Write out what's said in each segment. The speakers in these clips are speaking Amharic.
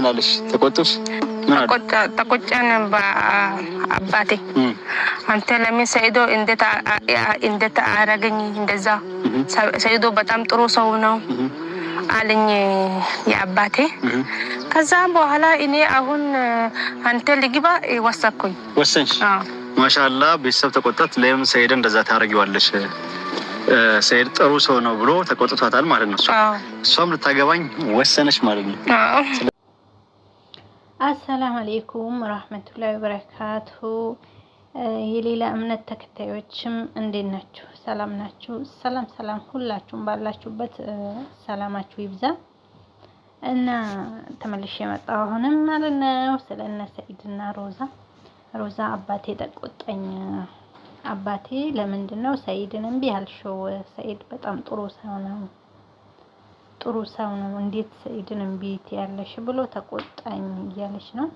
ምን አለሽ? ተቆጥሽ? ተቆጨን አባቴ። አንተ ለምን ሰይዶ እንደት አረገኝ? እንደዛ ሰይዶ በጣም ጥሩ ሰው ነው አለኝ የአባቴ። ከዛም በኋላ እኔ አሁን አንተ ልግባ ወሰንኩኝ። ወሰንሽ? ማሻላ ቤተሰብ ተቆጣት። ለምን ሰይደ እንደዛ ታደርጊዋለሽ? ሰይድ ጥሩ ሰው ነው ብሎ ተቆጥቷታል ማለት ነው። እሷም ልታገባኝ ወሰነች ማለት ነው። አሰላም አሌይኩም ረህመቱላሂ በረካቱ። የሌላ እምነት ተከታዮችም እንዴት ናችሁ? ሰላም ናችሁ? ሰላም ሰላም፣ ሁላችሁም ባላችሁበት ሰላማችሁ ይብዛ እና ተመልሼ የመጣሁ አሁንም ማለት ነው ስለ እነ ሰኢድ እና ሮዛ ሮዛ አባቴ ተቆጣኝ። አባቴ ለምንድን ነው ሰኢድን እምቢ አልሽው? ሰኢድ በጣም ጥሩ ሰው ነው ጥሩ ሰው ነው፣ እንዴት ሰኢድን እምቢ ያለሽ ብሎ ተቆጣኝ እያለች ነው።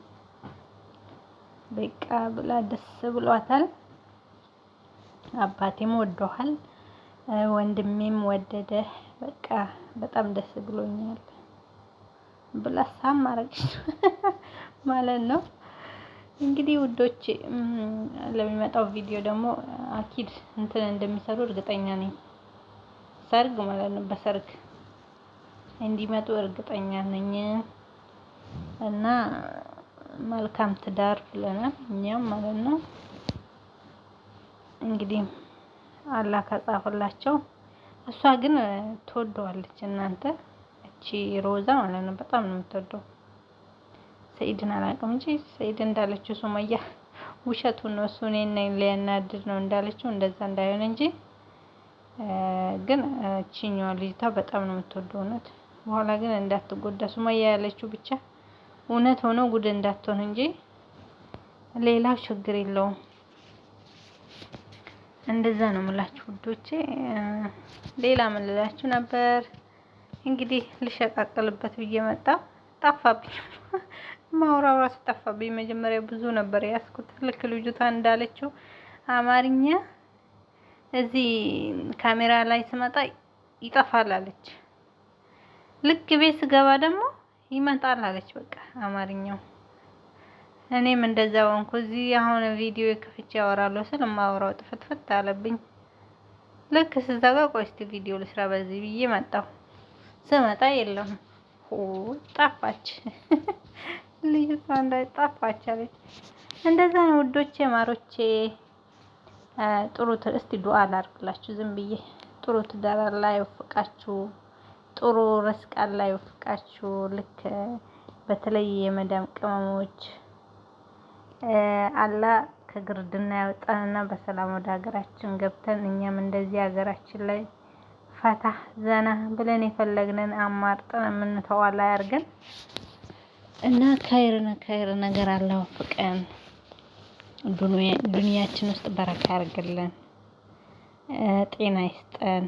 በቃ ብላ ደስ ብሏታል። አባቴም ወዶሃል፣ ወንድሜም ወደደ፣ በቃ በጣም ደስ ብሎኛል ብላ ሳም አረግሽ ማለት ነው። እንግዲህ ውዶች ለሚመጣው ቪዲዮ ደግሞ አኪድ እንትን እንደሚሰሩ እርግጠኛ ነኝ። ሰርግ ማለት ነው በሰርግ እንዲመጡ እርግጠኛ ነኝ እና መልካም ትዳር ብለናል እኛም ማለት ነው። እንግዲህ አላህ ከጻፈላቸው እሷ ግን ትወደዋለች። እናንተ እቺ ሮዛ ማለት ነው በጣም ነው የምትወደው። ሰኢድን አላውቅም እንጂ ሰኢድ እንዳለችው ሱመያ ውሸቱ ነው እሱ እኔን ሊያናድድ ነው እንዳለችው እንደዛ እንዳይሆን እንጂ ግን እቺኛዋ ልጅቷ በጣም ነው የምትወደው እውነት በኋላ ግን እንዳትጎዳ ማያ ያለችው ብቻ እውነት ሆኖ ጉድ እንዳትሆን እንጂ ሌላው ችግር የለውም። እንደዛ ነው የምላችሁ ውዶቼ። ሌላ ምን ልላችሁ ነበር? እንግዲህ ልሸቃቅልበት ብዬ መጣ፣ ጠፋብኝ። ማውራው ራሱ ጠፋብኝ። መጀመሪያ ብዙ ነበር ያስኩት። ልክ ልጅቷ እንዳለችው አማርኛ እዚህ ካሜራ ላይ ስመጣ አለች። ልክ ቤት ስገባ ደግሞ ይመጣል አለች። በቃ አማርኛው እኔም እንደዛ እንኳ እዚህ አሁን ቪዲዮ ከፍቼ አወራለሁ ስል ማወራው ጥፍትፍት አለብኝ። ልክ ስዘጋ ቆይ እስቲ ቪዲዮ ልስራ በዚህ ብዬ መጣሁ። ስመጣ የለም ጠፋች፣ ልጅቷ እንዳይ ጠፋች አለች። እንደዛ ነው ውዶቼ ማሮቼ። ጥሩ እስቲ ዱአ አላርግላችሁ ዝም ብዬ ጥሩ ትዳር ላይ ይወፍቃችሁ። ጥሩ ረስቃን ላይ ወፍቃችሁ ልክ በተለይ የመዳም ቅመሞች አላ ከግርድና ያወጣንና በሰላም ወደ ሀገራችን ገብተን እኛም እንደዚህ ሀገራችን ላይ ፈታ ዘና ብለን የፈለግንን አማርጠን የምንተዋላ ያርገን እና ከይርነ ከይር ነገር አላ ወፍቀን ዱንያችን ውስጥ በረካ ያርግልን፣ ጤና ይስጠን።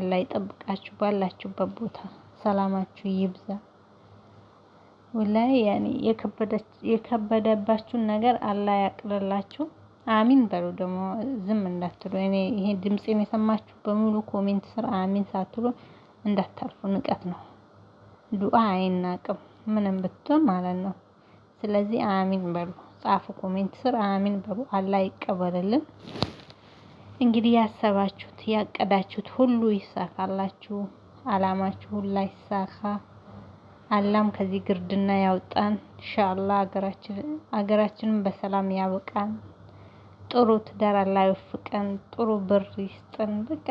አላ ይጠብቃችሁ። ባላችሁበት ቦታ ሰላማችሁ ይብዛ። ወላሂ ያኔ የከበደባችሁን ነገር አላ ያቅልላችሁ። አሚን በሉ ደግሞ ዝም እንዳትሉ። እኔ ይሄ ድምፄን የሰማችሁ በሙሉ ኮሜንት ስር አሚን ሳትሉ እንዳታርፉ ንቀት ነው። ዱአ አይናቅም ምንም ብትሆን ማለት ነው። ስለዚህ አሚን በሉ ጻፉ። ኮሜንት ስር አሚን በሉ። አላህ ይቀበልልን። እንግዲህ ያሰባችሁት ያቀዳችሁት ሁሉ ይሳካላችሁ። አላማችሁ ሁላ ይሳካ። አላም ከዚህ ግርድና ያውጣን ኢንሻአላህ። አገራችን አገራችንን በሰላም ያብቃን። ጥሩ ትዳር አላህ ይወፍቀን። ጥሩ ብር ይስጠን። በቃ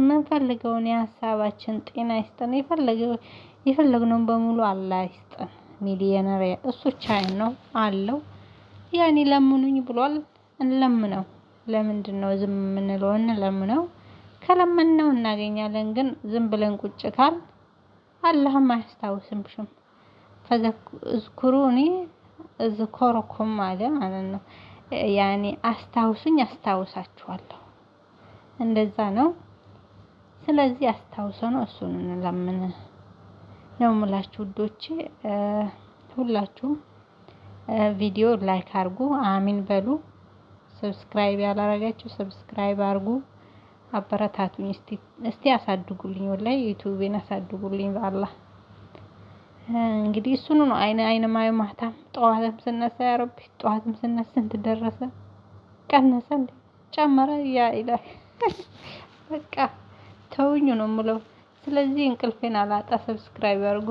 የምንፈልገውን የሀሳባችን ጤና ይስጥን። የፈለገው የፈለግነውን በሙሉ አላህ ይስጥን። ሚሊየነር እሱ ቻይ ነው አለው ያኔ ለምኑኝ ብሏል። እንለምነው። ለምንድን ነው ዝም የምንለው? እንለምነው። ከለመንነው እናገኛለን። ግን ዝም ብለን ቁጭ ካል አላህም አያስታውስምሽም። ፈዘኩሩኒ እዝኮረኩም አለ ማለት ነው። ያኔ አስታውሱኝ አስታውሳችኋለሁ። እንደዛ ነው። ስለዚህ አስታውሰው ነው እሱን እንለምን ነው የምላችሁ ውዶቼ። ሁላችሁም ቪዲዮ ላይክ አድርጉ። አሚን በሉ። ሰብስክራይብ ያላረጋችሁ ሰብስክራይብ አርጉ፣ አበረታቱኝ እስቲ አሳድጉልኝ፣ ወላይ ዩቲዩብን አሳድጉልኝ ባላ እንግዲህ እሱኑ ነው አይነ አይነ ማየ ማታም ጠዋትም ስነሳ ያ ረቢ ጠዋትም ስነሳ ስንት ደረሰ ቀነሰ እንዴ ጨመረ ያ ኢላህ በቃ ተውኝ ነው የምለው። ስለዚህ እንቅልፌን አላጣ። ሰብስክራይብ አርጉ።